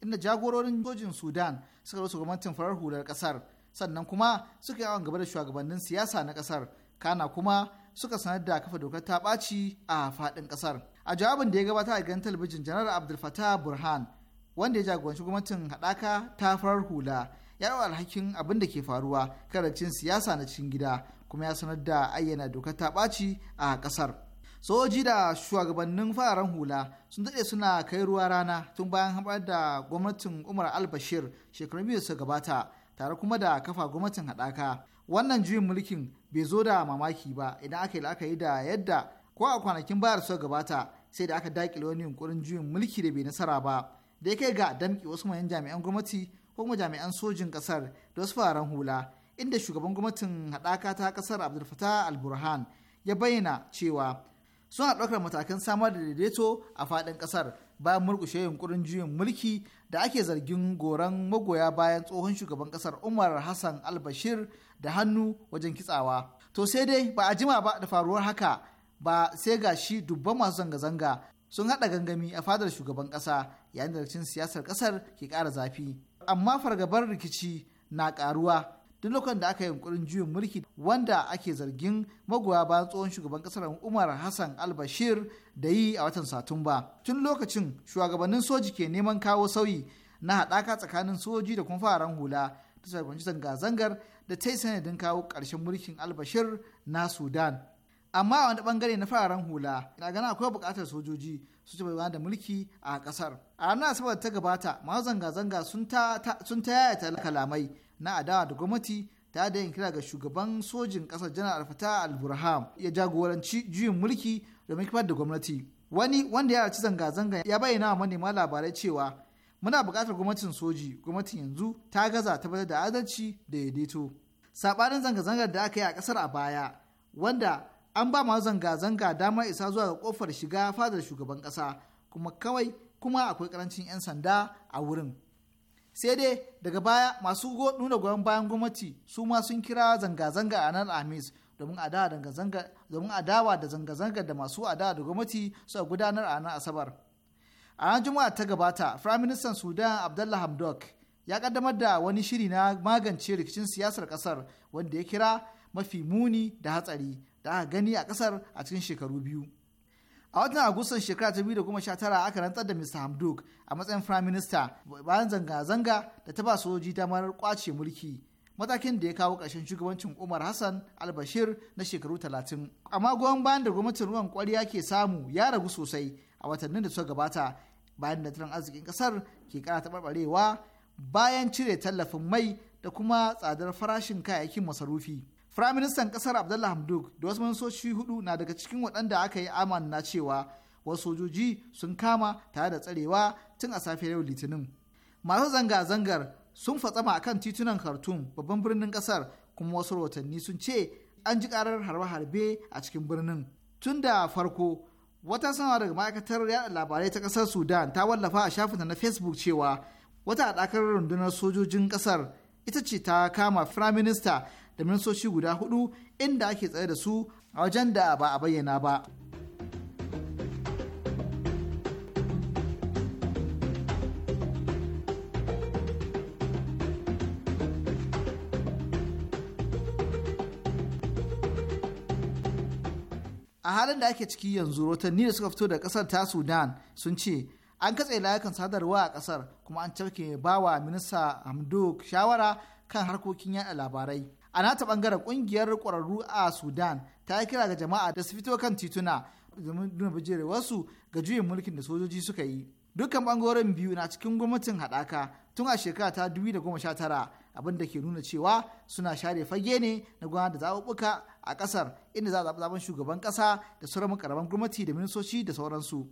inda jagororin sojin sudan suka rasa gwamnatin farar hular kasar sannan kuma suka yawon gaba da shugabannin siyasa na kasar kana kuma suka sanar da kafa dokar ta ɓaci a faɗin kasar a jawabin da ya gabata a gidan talabijin janar abdul fatah burhan wanda ya jagoranci gwamnatin haɗaka ta farar hula ya yi alhakin abin da ke faruwa karancin siyasa na cikin gida kuma ya sanar da ayyana dokar ta ɓaci a kasar soji da shugabannin fararen hula sun daɗe suna kai ruwa rana tun bayan haɓar da gwamnatin umar al-bashir shekaru biyu su gabata tare kuma da kafa gwamnatin haɗaka wannan juyin mulkin bai zo da mamaki ba idan aka yi la'akari da yadda ko a kwanakin bayar su gabata sai da aka daƙile wani yunkurin juyin mulki da bai nasara ba da ya kai ga damƙi wasu manyan jami'an gwamnati ko kuma jami'an sojin ƙasar da wasu fararen hula inda shugaban gwamnatin haɗaka ta ƙasar abdulfatah al-burhan ya bayyana cewa suna ɗaukar matakan samar da daidaito a faɗin ƙasar bayan murƙushe yunkurin juyin mulki da ake zargin goran magoya bayan tsohon shugaban ƙasar umar hassan albashir da hannu wajen kitsawa to sai dai ba a jima ba da faruwar haka ba sai ga shi dubban masu zanga-zanga sun haɗa gangami a fadar shugaban ƙasa yayin da cin siyasar ƙasar ke ƙara zafi amma fargabar rikici na ƙaruwa duk lokacin da aka yi yunkurin juyin mulki wanda ake zargin magoya bayan tsohon shugaban kasar umar hassan albashir da yi a watan satumba tun lokacin shugabannin soji ke neman kawo sauyi na haɗaka tsakanin soji da kuma fararen hula ta shugabanci zanga-zangar da ta yi sanadin kawo ƙarshen mulkin albashir na sudan amma a wani bangare na fararen hula ina gana akwai buƙatar sojoji su ci bayan da mulki a ƙasar a ranar asabar ta gabata masu zanga-zanga sun ta yayata kalamai na adawa da gwamnati ta da yin kira ga shugaban sojin kasar janar alfata al ya jagoranci juyin mulki da kifar da gwamnati wani wanda ya raci zanga-zanga ya bayyana wa manema labarai cewa muna bukatar gwamnatin soji gwamnatin yanzu ta gaza tabbatar da adalci da daidaito sabanin zanga-zangar da aka yi a kasar a baya wanda an ba masu zanga-zanga damar isa zuwa ga kofar shiga fadar shugaban ƙasa kuma kawai kuma akwai ƙarancin 'yan sanda a wurin sai dai daga baya masu nuna goyon bayan gwamnati su ma sun kira zanga-zanga a nan amis domin adawa da zanga-zanga da masu adawa da gwamnati su a gudanar a nan asabar a ran juma'a ta gabata firaministan sudan abdullah hamdok ya kaddamar da wani shiri na magance rikicin siyasar kasar wanda ya kira mafi muni da hatsari da aka gani a kasar a cikin shekaru biyu a watan agustan shekara ta biyu da sha tara aka rantsar da mr hamdok a matsayin prime minister bayan zanga-zanga da ta ba sojoji damar kwace mulki matakin da ya kawo karshen shugabancin umar hassan albashir na shekaru talatin. amma goyon bayan da gwamnatin ruwan kwariya ke samu ya ragu sosai a watannin da suka gabata bayan da tattalin arzikin kasar ke kara taɓarɓarewa bayan cire tallafin mai da kuma tsadar farashin kayayyakin masarufi Firaministan ƙasar Abdullah Hamduk da wasu mansoci hudu na daga cikin waɗanda aka yi amanna cewa wasu sojoji sun kama tare da tsarewa tun a safiyar yau Litinin. Masu zanga-zangar sun fatsama akan titunan Khartoum babban birnin ƙasar kuma wasu rahotanni sun ce an ji karar harbe-harbe a cikin birnin. Tun da farko wata sanawa daga ma'aikatar yada labarai ta ƙasar Sudan ta wallafa a shafinta na Facebook cewa wata haɗakar rundunar sojojin ƙasar ita ce ta kama firaminista da minsoci guda hudu inda ake tsaye da su a wajen da ba a bayyana ba. a halin da ake ciki yanzu rotanni da suka fito da kasar ta sudan sun ce an katse layukan sadarwa a kasar kuma an cafke bawa minista hamdok shawara kan harkokin yada labarai a nata bangaren kungiyar kwararru a sudan ta yi kira ga jama'a da su fito kan tituna domin nuna bijirewarsu ga juyin mulkin da sojoji suka yi dukkan ɓangaren biyu na cikin gwamnatin haɗaka tun a shekara ta 2019 abin da ke nuna cewa suna share fage ne na gwamnati da zaɓuɓɓuka a ƙasar inda za a zaɓi zaɓen shugaban ƙasa da sauran ƙaramin gwamnati da ministoci da sauransu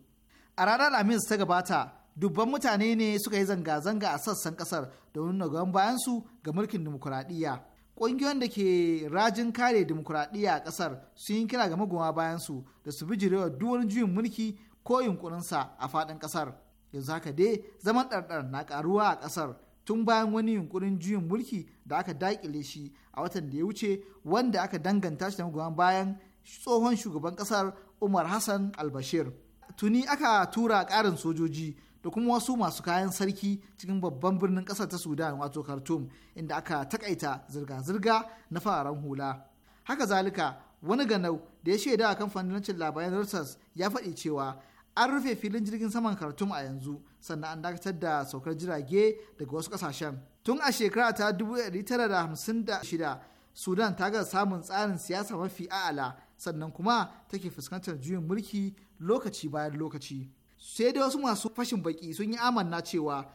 a ranar alhamis ta gabata dubban mutane ne suka yi zanga-zanga a sassan ƙasar domin nuna bayan su ga mulkin dimokuraɗiyya ƙungiyoyin da ke rajin kare dimokuraɗiyya a ƙasar sun yi kira ga magoya bayan su da su bijirewa duk wani juyin mulki ko yunkurinsa a faɗin ƙasar yanzu haka dai zaman ɗarɗar na ƙaruwa a ƙasar tun bayan wani yunkurin juyin mulki da aka daƙile shi a watan da ya wuce wanda aka danganta shi da magoma bayan tsohon shugaban ƙasar umar hassan albashir tuni aka tura ƙarin sojoji da kuma wasu masu kayan sarki cikin babban birnin ƙasar ta sudan wato khartoum inda aka takaita zirga-zirga na fararen hula haka zalika wani ganau da ya shaida a kamfanin labaran reuters ya faɗi cewa an rufe filin jirgin saman khartoum a yanzu sannan an dakatar da saukar jirage daga wasu kasashen. tun a shekara ta 1956 sudan ta ga samun tsarin siyasa mafi a'ala sannan kuma take fuskantar juyin mulki lokaci bayan lokaci sai dai wasu masu fashin baki sun yi amanna cewa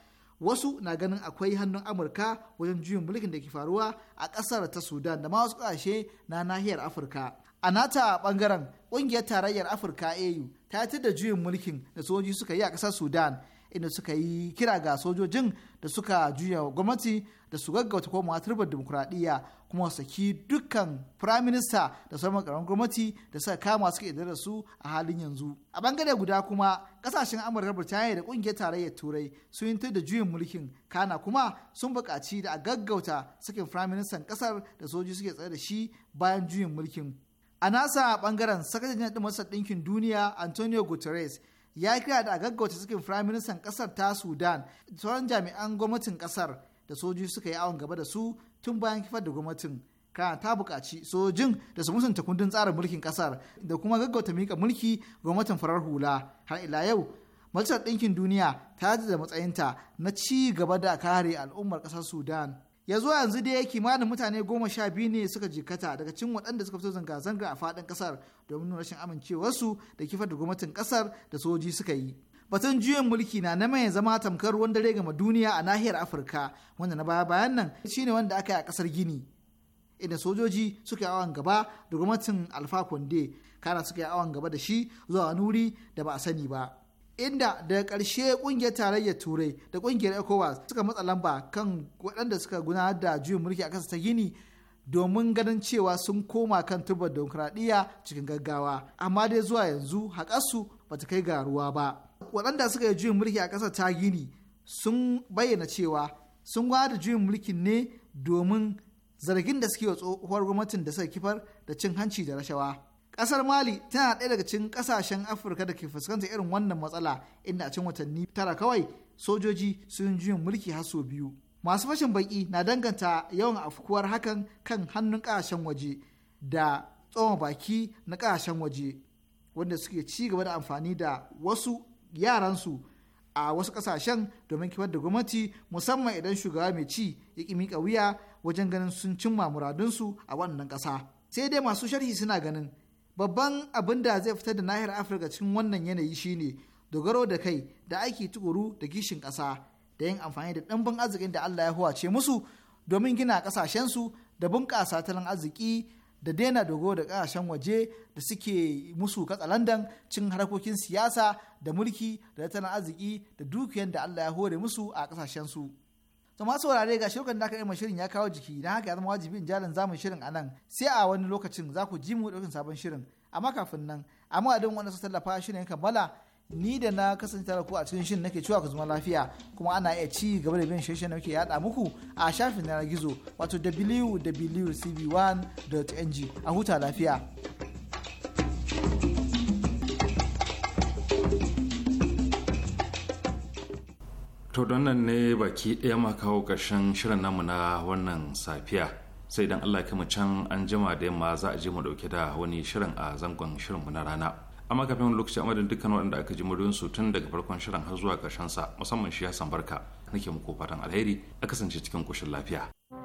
wasu na ganin akwai hannun amurka wajen juyin mulkin da ke faruwa a ƙasar ta sudan da ma wasu ƙasashe na nahiyar afirka a nata bangaren ƙungiyar tarayyar afirka au ta yi da juyin mulkin da sojoji suka yi a ƙasar sudan inda suka yi kira ga sojojin da suka juya gwamnati da su gaggauta komawa turbar dimokuraɗiyya kuma saki dukkan firaminista da sauran karamin gwamnati da suka kama suka idar da su a halin yanzu a bangare guda kuma kasashen amurka birtaniya da kungiyar tarayyar turai sun yi da juyin mulkin kana kuma sun bukaci da a gaggauta sakin firaministan kasar da soji suke tsaye da shi bayan juyin mulkin a nasa bangaren sakataren ɗin masar ɗinkin duniya antonio guterres ya kira da a gaggauta sakin firaministan kasar ta sudan da sauran jami'an gwamnatin kasar da soji suka yi awon gaba da su tun bayan kifar da gwamnatin kana ta buƙaci sojin da su musanta kundin tsarin mulkin kasar da kuma gaggauta mika mulki gwamnatin farar hula har ila yau majalisar ɗinkin duniya ta ji da matsayinta na ci gaba da kare al'ummar ƙasar sudan ya zuwa yanzu dai kimanin mutane goma sha biyu ne suka jikata daga cin waɗanda suka fito zanga-zanga a faɗin ƙasar domin rashin amincewarsu da kifar da gwamnatin ƙasar da soji suka yi batun juyin mulki na na mai zama tamkar ruwan dare game duniya a nahiyar afirka wanda na baya bayan nan shine wanda aka yi a kasar gini inda sojoji suka yi awon gaba da gwamnatin alfa konde kana suka yi awon gaba da shi zuwa nuri da ba a sani ba inda daga karshe ƙungiyar tarayyar turai da ƙungiyar ecowas suka matsa lamba kan waɗanda suka gudanar da juyin mulki a ƙasar ta gini domin ganin cewa sun koma kan turbar demokuraɗiyya cikin gaggawa amma dai zuwa yanzu haƙarsu ba ta kai ga ruwa ba waɗanda suka yi juyin mulki a ƙasar ta gini sun bayyana cewa sun gwada juyin mulkin ne domin zargin da suke wa tsohuwar gwamnatin da suka kifar da cin hanci da rashawa. Ƙasar Mali tana ɗaya daga cikin ƙasashen Afirka da ke fuskantar irin wannan matsala inda a cikin watanni tara kawai sojoji sun juyin mulki har sau biyu. Masu fashin baki na danganta yawan afkuwar hakan kan hannun ƙasashen waje da tsawon baki na ƙasashen waje wanda suke ci gaba da amfani da wasu yaransu a wasu kasashen domin kifar da gwamnati musamman idan shugaba mai ci ya ƙi miƙa wuya wajen ganin sun cimma muradunsu a wannan ƙasa. Sai dai masu sharhi suna ganin babban abin da zai fitar da nahiyar Afirka cikin wannan yanayi shine dogaro da kai da aiki tukuru da gishin ƙasa da yin amfani da ɗanbin arzikin da Allah ya huwace musu domin gina ƙasashensu da bunƙasa tattalin arziki da daina dogo da kasashen waje da suke musu katsalandan cin harkokin siyasa da mulki da tattalin arziki da dukiyar da Allah ya hore musu a kasashen su. to masu wurare ga shirkan da aka yi shirin ya kawo jiki na haka ya zama wajibi in jalan zamu shirin a nan sai a wani lokacin za ku ji mu ɗaukin sabon shirin amma kafin nan amma adin wanda su tallafa shirin kammala ni da na kasance tare ku a cikin shin nake cewa ku zama lafiya kuma ana iya ci gaba da bin shirye da muke yada muku a shafin na gizo wato www.cb1.ng a huta lafiya. To don nan ne baki ɗaya ma kawo ƙarshen shirin namu na wannan safiya. Sai dan Allah mu can an jima da yamma za a je mu dauke da wani shirin a zangon shirin mu na rana. amma kafin wani lokaci amma madadin dukkan waɗanda aka ji muryoyin su tun daga farkon shirin har zuwa ƙarshen sa musamman shi ya Barka nake muku fatan alheri a kasance cikin koshin lafiya.